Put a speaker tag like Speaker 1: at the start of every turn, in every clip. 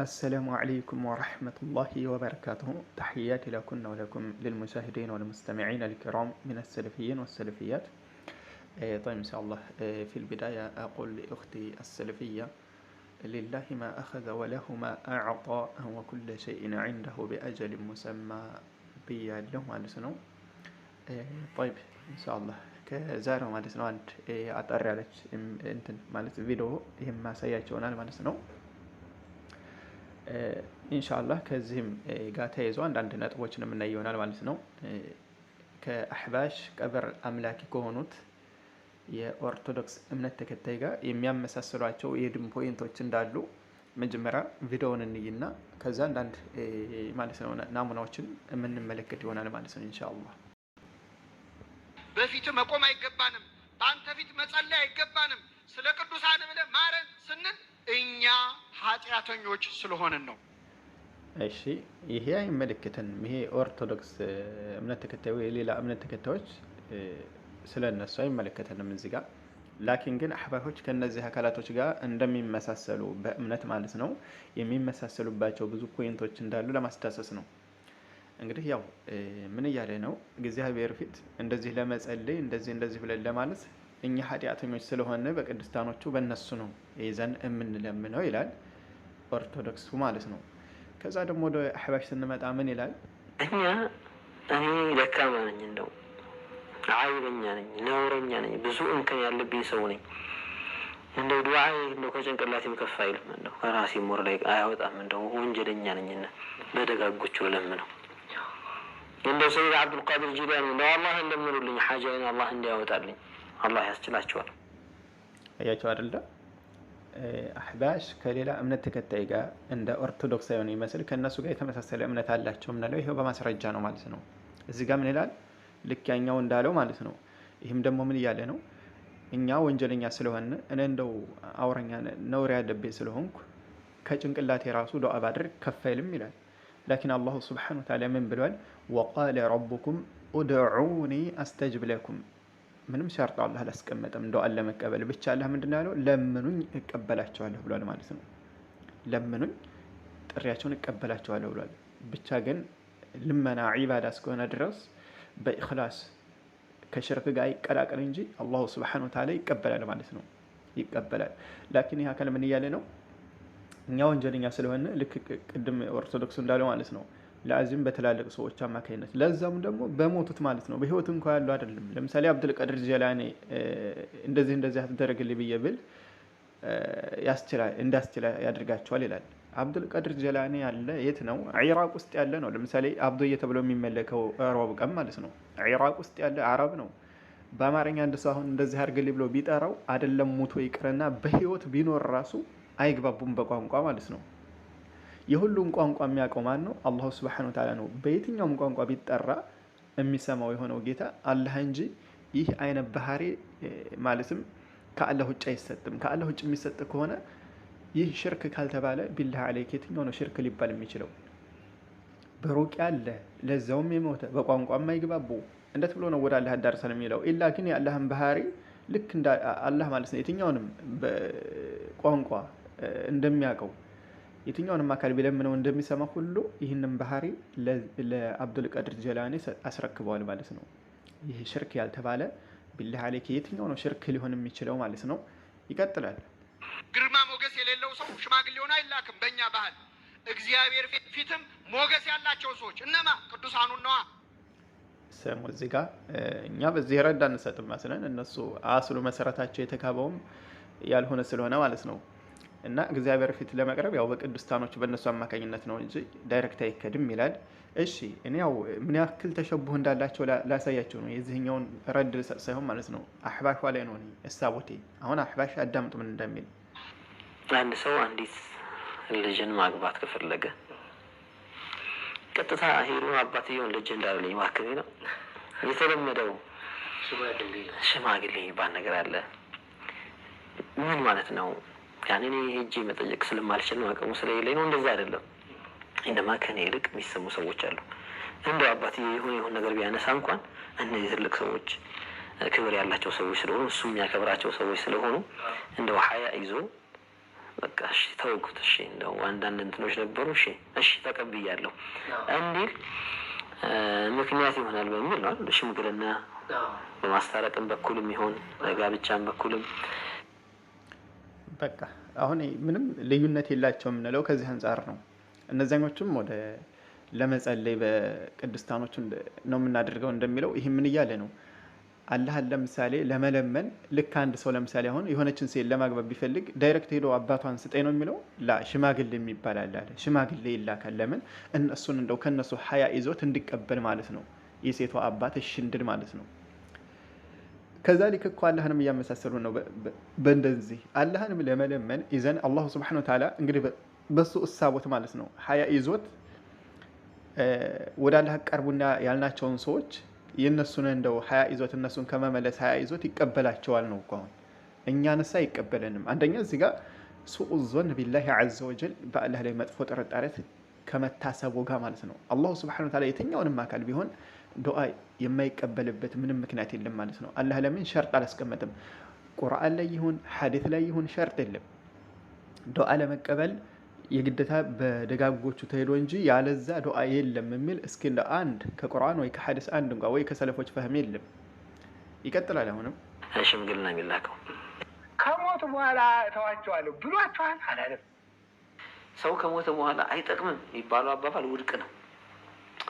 Speaker 1: السلام عليكم ورحمة الله وبركاته تحياتي لكن ولكم للمشاهدين والمستمعين الكرام من السلفيين والسلفيات إيه، طيب إن شاء الله إيه، في البداية أقول لأختي السلفية لله ما أخذ وله ما أعطى وكل شيء عنده بأجل مسمى له ما إيه، طيب إن شاء الله ከዛሬው ማለት ነው لك አጠር أنت እንትን ማለት إما ይህም ማሳያቸውናል ما لسنو ኢንሻላህ ከዚህም ጋር ተያይዞ አንዳንድ ነጥቦችን የምናይ ይሆናል ማለት ነው። ከአሕባሽ ቀብር አምላኪ ከሆኑት የኦርቶዶክስ እምነት ተከታይ ጋር የሚያመሳስሏቸው የድም ፖይንቶች እንዳሉ መጀመሪያ ቪዲዮውን እንይና ከዚ አንዳንድ ማለት ነው ናሙናዎችን የምንመለከት ይሆናል ማለት ነው ኢንሻአላህ። በፊት መቆም አይገባንም፣ በአንተ ፊት መጸለይ አይገባንም፣ ስለ ቅዱሳን ብለህ ማረን ስንል እኛ ኃጢአተኞች ስለሆንን ነው።
Speaker 2: እሺ ይሄ አይመለከተንም። ይሄ ኦርቶዶክስ እምነት ተከታዩ የሌላ እምነት ተከታዮች ስለ እነሱ አይመለከተንም እዚህ ጋር ላኪን ግን አህባሾች ከነዚህ አካላቶች ጋር እንደሚመሳሰሉ በእምነት ማለት ነው የሚመሳሰሉባቸው ብዙ ፖይንቶች እንዳሉ ለማስዳሰስ ነው። እንግዲህ ያው ምን እያለ ነው? እግዚአብሔር ፊት እንደዚህ ለመጸለይ እንደዚህ እንደዚህ ብለን ለማለት እኛ ኃጢአተኞች ስለሆነ በቅድስታኖቹ በእነሱ ነው ይዘን የምንለምነው ይላል። ኦርቶዶክሱ ማለት ነው። ከዛ ደግሞ ወደ አሕባሽ ስንመጣ ምን ይላል?
Speaker 3: እኛ እኔ ደካማ ነኝ፣ እንደው አይበኛ ነኝ፣ ነውረኛ ነኝ፣ ብዙ እንከን ያለብኝ ሰው ነኝ። እንደው ዱዓዬ እንደው ከጭንቅላቴም ከፍ አይልም፣ እንደው ከራሴ ሞር ላይ አያወጣም፣ እንደው ወንጀለኛ ነኝና በደጋጎቹ ለምነው እንደው ሰይድ አብዱልቃድር ጂላኒ እንደው አላህ እንደምኑልኝ ሓጃይን አላህ እንዲያወጣልኝ አላህ ያስችላቸዋል።
Speaker 2: አያቸው አይደለም አህባሽ ከሌላ እምነት ተከታይ ጋር እንደ ኦርቶዶክስ ሳይሆን ይመስል ከእነሱ ጋር የተመሳሰለ እምነት አላቸው ምናለው ይሄው በማስረጃ ነው ማለት ነው። እዚህ ጋር ምን ይላል? ልክ ያኛው እንዳለው ማለት ነው። ይህም ደግሞ ምን እያለ ነው? እኛ ወንጀለኛ ስለሆን እኔ እንደው አውረኛ ነውር ያለብኝ ስለሆንኩ ከጭንቅላት የራሱ ዱዓ ባድርግ ከፍ አይልም ይላል። ላኪን አላሁ ስብሓነሁ ወተዓላ ምን ብሏል? ወቃለ ረቡኩም ኡድዑኒ አስተጅብ ለኩም ምንም ሸርጦ አላህ አላስቀመጠም። አለ ለመቀበል ብቻ አላህ ምንድን ያለው ለምኑኝ እቀበላቸዋለሁ ብሏል ማለት ነው። ለምኑኝ ጥሪያቸውን እቀበላቸዋለሁ ብሏል። ብቻ ግን ልመና ዒባዳ እስከሆነ ድረስ በኢኽላስ ከሽርክ ጋር ይቀላቀል እንጂ አላሁ ስብሓነሁ ወተዓላ ይቀበላል ማለት ነው። ይቀበላል። ላኪን ይህ አካል ምን እያለ ነው? እኛ ወንጀለኛ ስለሆነ ልክ ቅድም ኦርቶዶክሱ እንዳለው ማለት ነው ለዚህም በትላልቅ ሰዎች አማካኝነት ለዛም ደግሞ በሞቱት ማለት ነው። በህይወት እንኳ ያለው አይደለም። ለምሳሌ አብዱልቀድር ጀላኔ እንደዚህ እንደዚህ አትደረግልኝ ብዬ ብል እንዳስችላ ያደርጋቸዋል ይላል። አብዱልቀድር ጀላኔ ያለ የት ነው? ኢራቅ ውስጥ ያለ ነው። ለምሳሌ አብዶዬ ተብሎ የሚመለከው ሮብ ቀን ማለት ነው። ኢራቅ ውስጥ ያለ አረብ ነው። በአማርኛ አንድ ሰው አሁን እንደዚህ አድርግልኝ ብሎ ቢጠራው አይደለም ሙቶ ይቅርና በህይወት ቢኖር ራሱ አይግባቡም በቋንቋ ማለት ነው። የሁሉም ቋንቋ የሚያውቀው ማን ነው? አላሁ ስብሓነ ወተዓላ ነው። በየትኛውም ቋንቋ ቢጠራ የሚሰማው የሆነው ጌታ አላህ እንጂ ይህ አይነት ባህሪ ማለትም ከአላህ ውጭ አይሰጥም። ከአላህ ውጭ የሚሰጥ ከሆነ ይህ ሽርክ ካልተባለ ቢላህ አለይክ የትኛው ነው ሽርክ ሊባል የሚችለው? በሩቅ ያለ ለዛውም የሞተ በቋንቋ የማይግባቡ እንደት ብሎ ነው ወደ አላህ አዳርሰን የሚለው? ኢላ ግን የአላህን ባህሪ ልክ አላህ ማለት ነው የትኛውንም ቋንቋ እንደሚያውቀው የትኛውንም አካል ቢለምነው እንደሚሰማ ሁሉ ይህንም ባህሪ ለአብዱልቀድር ጀላኒ አስረክበዋል ማለት ነው። ይህ ሽርክ ያልተባለ ቢላህ አሌክ የትኛው ነው ሽርክ ሊሆን የሚችለው ማለት ነው። ይቀጥላል።
Speaker 1: ግርማ ሞገስ የሌለው ሰው ሽማግሌ ሆኖ አይላክም። በእኛ ባህል እግዚአብሔር ፊትም ሞገስ ያላቸው ሰዎች እነማ ቅዱሳኑ ነዋ።
Speaker 2: ሰሙ እዚህ ጋር እኛ በዚህ ረዳ እንሰጥም መስለን እነሱ አስሉ መሰረታቸው የተካበውም ያልሆነ ስለሆነ ማለት ነው እና እግዚአብሔር ፊት ለመቅረብ ያው በቅዱስታኖች በእነሱ አማካኝነት ነው እንጂ ዳይሬክት አይከድም ይላል። እሺ እኔ ያው ምን ያክል ተሸቡህ እንዳላቸው ላሳያቸው ነው። የዚህኛውን ረድ ሳይሆን ማለት ነው አሕባሿ ላይ ነው እሳቦቴ። አሁን አሕባሽ አዳምጡ ምን እንደሚል።
Speaker 3: አንድ ሰው አንዲት ልጅን ማግባት ከፈለገ ቀጥታ ሄዶ አባትየውን ልጅ እንዳለኝ ማክቤ ነው የተለመደው። ሽማግሌ የሚባል ነገር አለ። ምን ማለት ነው? ያን እኔ ሄጄ መጠየቅ ስለማልችል ነው፣ አቅሙ ስለሌለኝ ነው። እንደዛ አይደለም። እንደማ ከኔ ይልቅ የሚሰሙ ሰዎች አሉ። እንደው አባት የሆነ የሆነ ነገር ቢያነሳ እንኳን እነዚህ ትልቅ ሰዎች ክብር ያላቸው ሰዎች ስለሆኑ እሱ የሚያከብራቸው ሰዎች ስለሆኑ እንደው ሀያ ይዞ በቃ እሺ ተውኩት፣ እሺ እንደው አንዳንድ እንትኖች ነበሩ፣ እሺ እሺ ተቀብያለሁ እንዲል ምክንያት ይሆናል በሚል ነው ሽምግልና በማስታረቅም በኩልም ይሆን በጋብቻም በኩልም
Speaker 2: በቃ አሁን ምንም ልዩነት የላቸው የምንለው ከዚህ አንጻር ነው። እነዛኞቹም ወደ ለመጸለይ በቅዱስታኖቹ ነው የምናደርገው እንደሚለው ይህ ምን እያለ ነው? አላህን ለምሳሌ ለመለመን ልክ አንድ ሰው ለምሳሌ አሁን የሆነችን ሴት ለማግባት ቢፈልግ ዳይሬክት ሄዶ አባቷን ስጠኝ ነው የሚለው? ላ ሽማግሌ የሚባል አለ። ሽማግሌ ይላካል። ለምን እነሱን እንደው ከነሱ ሀያ ይዞት እንዲቀበል ማለት ነው። የሴቷ አባት እሺ እንድል ማለት ነው። ከዛሊክ እኮ አላህንም እያመሳሰሉ ነው። በእንደዚህ አላህንም ለመለመን ይዘን አላሁ ስብሐነሁ ወተዓላ እንግዲህ በሱ እሳቦት ማለት ነው ሀያ ይዞት ወደ አላህ ቀርቡና ያልናቸውን ሰዎች የእነሱን እንደው ሀያ ይዞት እነሱን ከመመለስ ሀያ ይዞት ይቀበላቸዋል ነው እኮ አሁን እኛንስ አይቀበለንም። አንደኛ እዚህ ጋር ሱኡ ዞን ቢላሂ ዐዘ ወጀል በአላህ ላይ መጥፎ ጥርጣሬት ከመታሰቡ ጋር ማለት ነው አላሁ ስብሐነሁ ወተዓላ የትኛውንም አካል ቢሆን ዱዓ የማይቀበልበት ምንም ምክንያት የለም ማለት ነው። አላህ ለምን ሸርጥ አላስቀመጥም? ቁርአን ላይ ይሁን ሐዲት ላይ ይሁን ሸርጥ የለም። ዱዓ ለመቀበል የግዴታ በደጋጎቹ ተሄዶ እንጂ ያለዛ ዱዓ የለም የሚል እስኪ እንደ አንድ ከቁርአን ወይ ከሐዲስ አንድ እንኳ ወይ ከሰለፎች ፈህም የለም። ይቀጥላል። አሁንም
Speaker 3: ሽምግልና የሚላከው
Speaker 1: ከሞት በኋላ እተዋቸዋለሁ ብሏቸዋል አላለም።
Speaker 3: ሰው ከሞተ በኋላ አይጠቅምም የሚባለው አባባል ውድቅ ነው።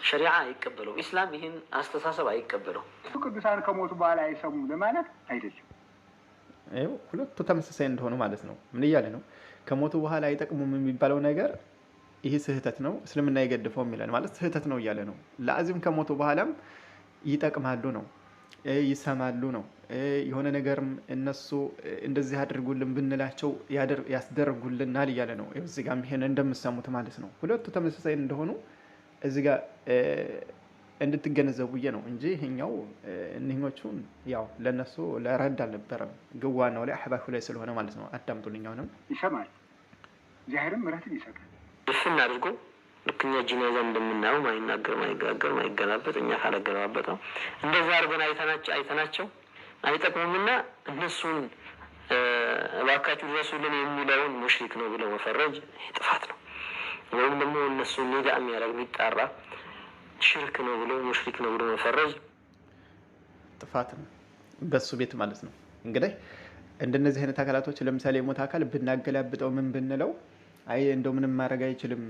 Speaker 3: ሸሪዓ አይቀበለው። ኢስላም ይህን አስተሳሰብ አይቀበለው።
Speaker 1: ቅዱሳን ከሞቱ በኋላ አይሰሙ ለማለት አይደለም።
Speaker 2: ይኸው ሁለቱ ተመሳሳይ እንደሆኑ ማለት ነው። ምን እያለ ነው? ከሞቱ በኋላ አይጠቅሙም የሚባለው ነገር ይህ ስህተት ነው፣ እስልምና የገድፈው የሚለን ማለት ስህተት ነው እያለ ነው። ለአዚም ከሞቱ በኋላም ይጠቅማሉ ነው፣ ይሰማሉ ነው። የሆነ ነገርም እነሱ እንደዚህ አድርጉልን ብንላቸው ያስደርጉልናል እያለ ነው። እዚህ ይሄን እንደምሰሙት ማለት ነው። ሁለቱ ተመሳሳይ እንደሆኑ እዚ ጋር እንድትገነዘቡ ነው እንጂ ይሄኛው እኒህኞቹን ያው ለእነሱ ለረድ አልነበረም፣ ግን ዋናው ላይ አሕባሹ ላይ ስለሆነ ማለት ነው። አዳምጡልኝ።
Speaker 1: ይሰማል፣ ዛህርም ምረትን ይሰጣል።
Speaker 3: እሱን አድርጎ ልክኛ እኛ ጂናዛ እንደምናየው ማይናገር፣ ማይጋገር፣ ማይገናበጥ እኛ ካለገናበጠው እንደዛ አድርገን አይተናቸው አይጠቅሙምና እነሱን እባካችሁ ድረሱልን የሚለውን ሙሽሪክ ነው ብለው መፈረጅ ጥፋት ነው። ወይም ደግሞ እነሱ ኒዳ የሚያደርግ ቢጣራ ሽርክ ነው ብሎ ሙሽሪክ ነው ብሎ መፈረጅ
Speaker 2: ጥፋት ነው፣ በሱ ቤት ማለት ነው። እንግዲህ እንደነዚህ አይነት አካላቶች ለምሳሌ የሞት አካል ብናገላብጠው ምን ብንለው አይ እንደው ምንም ማድረግ አይችልም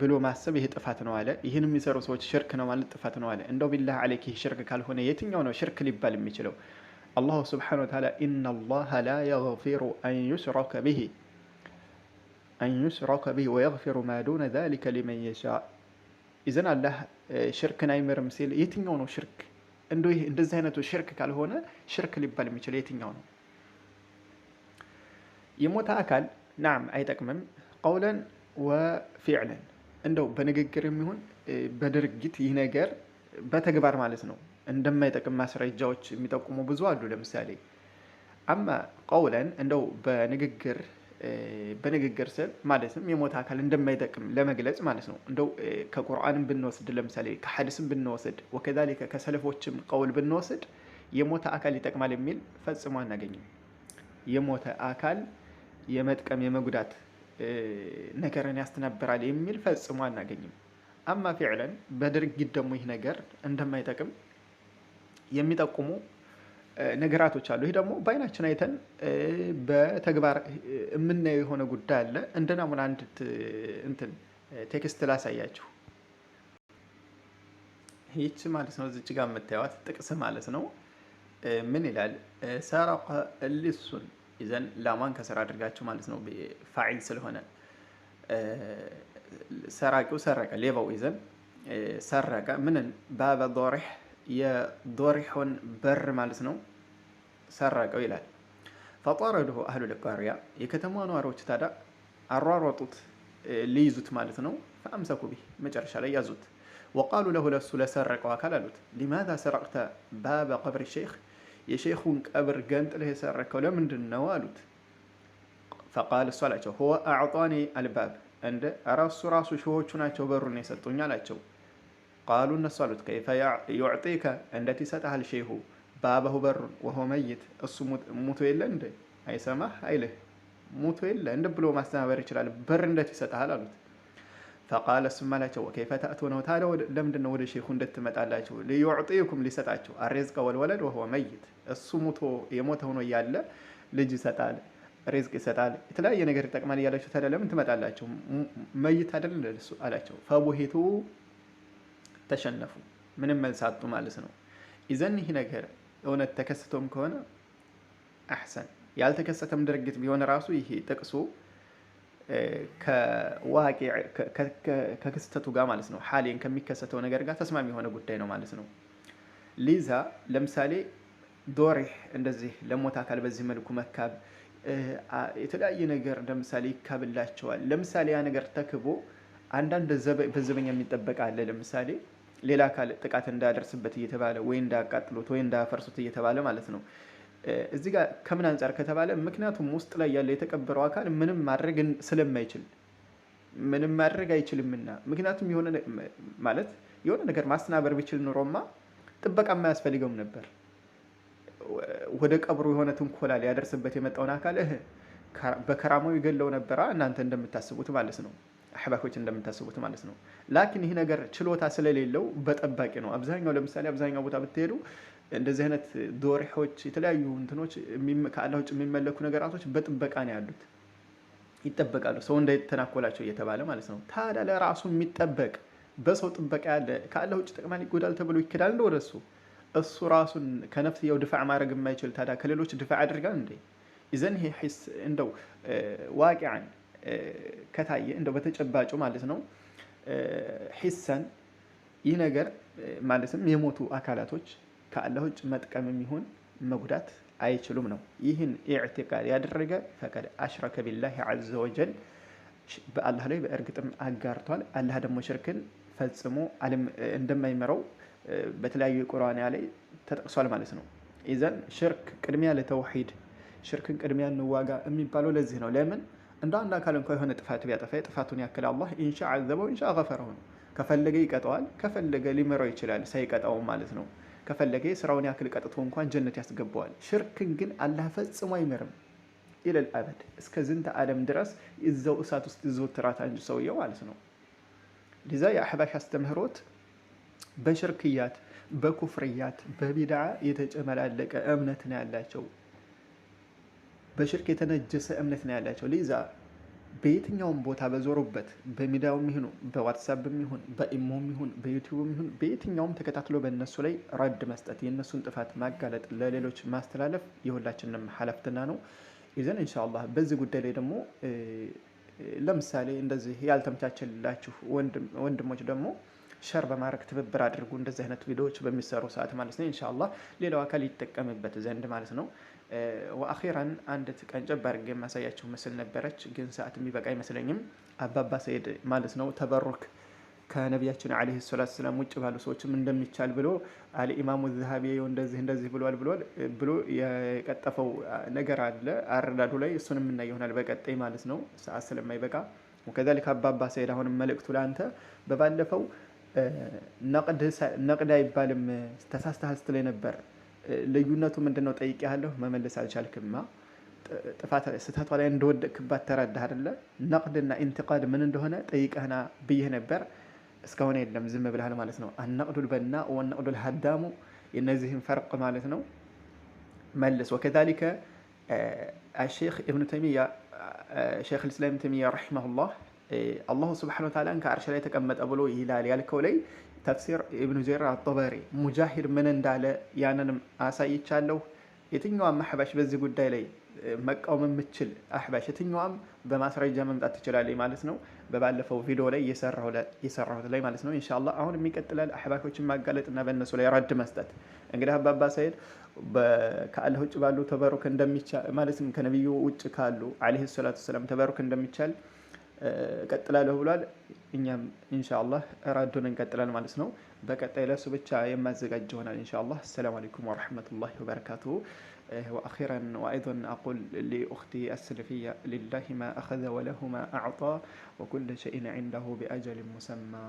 Speaker 2: ብሎ ማሰብ ይሄ ጥፋት ነው አለ። ይህን የሚሰሩ ሰዎች ሽርክ ነው ማለት ጥፋት ነው አለ። እንደው ቢላህ አለይክ ይህ ሽርክ ካልሆነ የትኛው ነው ሽርክ ሊባል የሚችለው? አላሁ ስብሓነሁ ወተዓላ ኢነላሃ ላ የግፊሩ አን ዩሽረከ أن يشرك به ويغفر ما دون ذلك لمن يشاء ኢዘን አላህ ሽርክን አይምርም ሲል የትኛው ነው ሽርክ? እንደ ይህ እንደዚህ አይነቱ ሽርክ ካልሆነ ሽርክ ሊባል የሚችል የትኛው ነው? የሞተ አካል ናም አይጠቅምም። ቀውለን ወፊዕለን እንደው በንግግር የሚሆን በድርጊት ይህ ነገር በተግባር ማለት ነው እንደማይጠቅም ማስረጃዎች የሚጠቁሙ ብዙ አሉ። ለምሳሌ አማ ቀውለን እንደው በንግግር በንግግር ስል ማለትም የሞተ አካል እንደማይጠቅም ለመግለጽ ማለት ነው። እንደው ከቁርአንም ብንወስድ ለምሳሌ ከሐዲስም ብንወስድ ወከዛሊከ ከሰለፎችም ቀውል ብንወስድ የሞተ አካል ይጠቅማል የሚል ፈጽሞ አናገኝም። የሞተ አካል የመጥቀም የመጉዳት ነገርን ያስተናብራል የሚል ፈጽሞ አናገኝም። አማ ፊዕለን በድርጊት ደግሞ ይህ ነገር እንደማይጠቅም የሚጠቁሙ ነገራቶች አሉ። ይሄ ደግሞ በአይናችን አይተን በተግባር የምናየው የሆነ ጉዳይ አለ። እንደ ናሙና አንድ እንትን ቴክስት ላሳያችሁ። ይቺ ማለት ነው እዚች ጋር የምታዩት ጥቅስ ማለት ነው። ምን ይላል? ሰረቀ ሊሱን ይዘን ላማን ከስራ አድርጋችሁ ማለት ነው ፋይል ስለሆነ ሰራቂው ሰረቀ፣ ሌባው ይዘን ሰረቀ ምንን ባበ ዶሪሕ የዶሪሖን በር ማለት ነው ሰረቀው ይላል። ፈጣረድሁ አህሉ ልቃሪያ የከተማ ነዋሪዎች ታዲያ አሯሯጡት ሊይዙት ማለት ነው። ፈአምሰኩ ቢህ መጨረሻ ላይ ያዙት። ወቃሉ ለሁ ለሱ ለሰረቀው አካል አሉት፣ ሊማዛ ሰረቅተ ባበ ቀብር ሼክ የሼኹን ቀብር ገንጥለህ የሰረከው ለምንድን ነው አሉት። ፈቃል እሱ አላቸው ሁወ አዕጣኒ አልባብ እንደ ራሱ ራሱ ሺዎቹ ናቸው በሩን የሰጡኝ አላቸው። ቃሉ እነሱ አሉት ከይፈ ዩዕጢከ እንዴት ይሰጥሃል ሼሁ በአበሁ በሩን ወሆ መይት እሱ ሙቶ የለ እንደ አይሰማህ አይልህ ሙቶ የለ እንድ ብሎ ማስተናበር ይችላል በር እንዴት ይሰጥሃል አሉት ፈቃለ እሱም አላቸው ወከይፈ ተእቱነሁ ታዲያ ለምንድነው ወደ ሼሁ እንዴት ሊዩዕጢኩም ሊሰጣችሁ አሬዝቀ ወልወለድ ወሆ መይት እሱ ሙቶ የሞተ ሆኖ እያለ ልጅ ይሰጣል ሪዝቅ ይሰጣል የተለያየ ነገር ይጠቅማል እያላችሁ ታዲያ ለምን ትመጣላችሁ መይት አይደል አላቸው ፈቡሂቱ ተሸነፉ። ምንም መልሳጡ ማለት ነው። ኢዘን ይህ ነገር እውነት ተከስቶም ከሆነ አሰን ያልተከሰተም ድርጊት ቢሆን ራሱ ይሄ ጥቅሱ ከክስተቱ ጋር ማለት ነው፣ ሓሌን ከሚከሰተው ነገር ጋር ተስማሚ የሆነ ጉዳይ ነው ማለት ነው። ሊዛ ለምሳሌ ዶሪህ እንደዚህ ለሞት አካል በዚህ መልኩ መካብ የተለያየ ነገር ለምሳሌ ይካብላቸዋል። ለምሳሌ ያ ነገር ተክቦ አንዳንድ በዘበኛ የሚጠበቅ አለ ለምሳሌ ሌላ አካል ጥቃት እንዳደርስበት እየተባለ ወይ እንዳያቃጥሉት ወይ እንዳፈርሶት እየተባለ ማለት ነው። እዚህ ጋር ከምን አንጻር ከተባለ ምክንያቱም ውስጥ ላይ ያለ የተቀበረው አካል ምንም ማድረግ ስለማይችል ምንም ማድረግ አይችልምና፣ ምክንያቱም የሆነ ማለት የሆነ ነገር ማስተናበር ቢችል ኑሮማ ጥበቃ የማያስፈልገውም ነበር። ወደ ቀብሩ የሆነ ትንኮላ ሊያደርስበት የመጣውን አካል በከራሞ ይገለው ነበራ እናንተ እንደምታስቡት ማለት ነው። አሕባሾች እንደምታስቡት ማለት ነው። ላኪን ይህ ነገር ችሎታ ስለሌለው በጠባቂ ነው። አብዛኛው ለምሳሌ አብዛኛው ቦታ ብትሄዱ እንደዚህ አይነት ዶርሖች የተለያዩ እንትኖች ከአላህ ውጭ የሚመለኩ ነገራቶች በጥበቃ ነው ያሉት፣ ይጠበቃሉ። ሰው እንዳይተናኮላቸው እየተባለ ማለት ነው። ታዲያ ለራሱ የሚጠበቅ በሰው ጥበቃ ያለ ከአላህ ውጭ ጥቅማ ይጎዳል ተብሎ ይክዳል እንደ ወደሱ እሱ ራሱን ከነፍስየው ድፋዕ ማድረግ የማይችል ታዲያ ከሌሎች ድፋዕ አድርጋል እንዴ? ይዘን ይሄ ሒስ እንደው ዋቂዐን ከታየ እንደው በተጨባጩ ማለት ነው ሂሰን ይህ ነገር ማለትም የሞቱ አካላቶች ከአላህ ውጭ መጥቀም የሚሆን መጉዳት አይችሉም ነው። ይህን ኢዕትቃድ ያደረገ ፈቀድ አሽረከ ቢላሂ ዐዘ ወጀል በአላህ ላይ በእርግጥም አጋርቷል። አላህ ደግሞ ሽርክን ፈጽሞ እንደማይመራው በተለያዩ የቁርአን ላይ ተጠቅሷል ማለት ነው። ኢዘን ሽርክ ቅድሚያ ለተውሂድ ሽርክን ቅድሚያ እንዋጋ የሚባለው ለዚህ ነው። ለምን እንደ አንድ አካል እንኳ የሆነ ጥፋት ቢያጠፋ ጥፋቱን ያክል አላህ ኢንሻ አዘበው ኢንሻ ገፈረው ነው። ከፈለገ ይቀጠዋል፣ ከፈለገ ሊመራው ይችላል ሳይቀጣውም ማለት ነው። ከፈለገ ስራውን ያክል ቀጥቶ እንኳን ጀነት ያስገባዋል። ሽርክን ግን አላህ ፈጽሞ አይምርም። ኢለል አበድ እስከ ዝንተ ዓለም ድረስ እዛው እሳት ውስጥ ይዘወትራት አንድ ሰውየው ማለት ነው። ሊዛ የአሕባሽ አስተምህሮት በሽርክያት በኩፍርያት በቢድዓ የተጨመላለቀ እምነት ነው ያላቸው። በሽርክ የተነጀሰ እምነት ነው ያላቸው። ሊዛ በየትኛውም ቦታ በዞሩበት በሚዲያውም ይሁኑ በዋትሳፕም ይሁን በኢሞም ይሁን በዩቲዩብም ይሁን በየትኛውም ተከታትሎ በእነሱ ላይ ረድ መስጠት፣ የእነሱን ጥፋት ማጋለጥ፣ ለሌሎች ማስተላለፍ የሁላችንም ሀላፍትና ነው ይዘን እንሻላ በዚህ ጉዳይ ላይ ደግሞ ለምሳሌ እንደዚህ ያልተመቻቸላችሁ ወንድሞች ደግሞ ሸር በማድረግ ትብብር አድርጉ። እንደዚህ አይነት ቪዲዮዎች በሚሰሩ ሰዓት ማለት ነው። እንሻላ ሌላው አካል ይጠቀምበት ዘንድ ማለት ነው። ወአኺራን አንድ ቀን ጨብ የማሳያቸው ምስል ነበረች፣ ግን ሰዓት የሚበቃ አይመስለኝም። አባባ ሰይድ ማለት ነው ተበሩክ ከነቢያችን ዓለይሂ ሰላቱ ሰላም ውጭ ባሉ ሰዎችም እንደሚቻል ብሎ አልኢማሙ ዛሃቢ እንደዚህ እንደዚህ ብሏል ብሏል ብሎ የቀጠፈው ነገር አለ አረዳዱ ላይ። እሱን የምናየው ይሆናል በቀጣይ ማለት ነው ሰዓት ስለማይበቃ። ወከዛሊክ አባባ ሰይድ አሁንም መልእክቱ ለአንተ በባለፈው ነቅድ አይባልም ተሳስተሃል ስትለኝ ነበር ልዩነቱ ምንድን ነው ጠይቄያለሁ፣ መመለስ አልቻልክማ። ጥፋት ስህተቷ ላይ እንደወደቅክባት ተረዳህ አይደለ? ነቅድና ኢንትቃድ ምን እንደሆነ ጠይቀህና ብዬህ ነበር። እስካሁን የለም ዝም ብልሃል ማለት ነው። አነቅዱል በና ወነቅዱል ሀዳሙ የነዚህን ፈርቅ ማለት ነው መልስ። ወከዛሊከ الشيخ ابن تيمية شيخ الإسلام ابن تيمية رحمه الله አላሁ ስብሓን ወተዓላን ከአርሽ ላይ ተቀመጠ ብሎ ይላል ያልከው ላይ ተፍሲር ኢብኑ ጀሪር አጠበሪ ሙጃሂድ ምን እንዳለ ያንንም አሳይቻለሁ። የትኛዋም አህባሽ በዚህ ጉዳይ ላይ መቃወም የምችል አሕባሽ የትኛዋም በማስረጃ መምጣት ትችላለች ማለት ነው። በባለፈው ቪዲዮ ላይ የሰራሁት ላይ ማለት ነው። ኢንሻላ አሁን የሚቀጥላል አሕባሾችን ማጋለጥና በእነሱ ላይ ረድ መስጠት። እንግዲህ አባባ ሳይድ ከአላህ ውጭ ባሉ ተበሩክ እንደሚቻል ማለትም ከነቢዩ ውጭ ካሉ ዓለይሂ ሰላቱ ወሰላም ተበሩክ እንደሚቻል ቀጥላለሁ ብሏል። እኛም ኢንሻአላህ ራዶን እንቀጥላል ማለት ነው። በቀጣይ ለሱ ብቻ የማዘጋጅ ይሆናል ኢንሻአላህ። አሰላሙ አለይኩም ወረሕመቱላሂ ወበረካቱሁ። وأخيرا وأيضا أقول لأختي السلفية لله ما أخذ وله ما أعطى وكل شيء عنده بأجل مسمى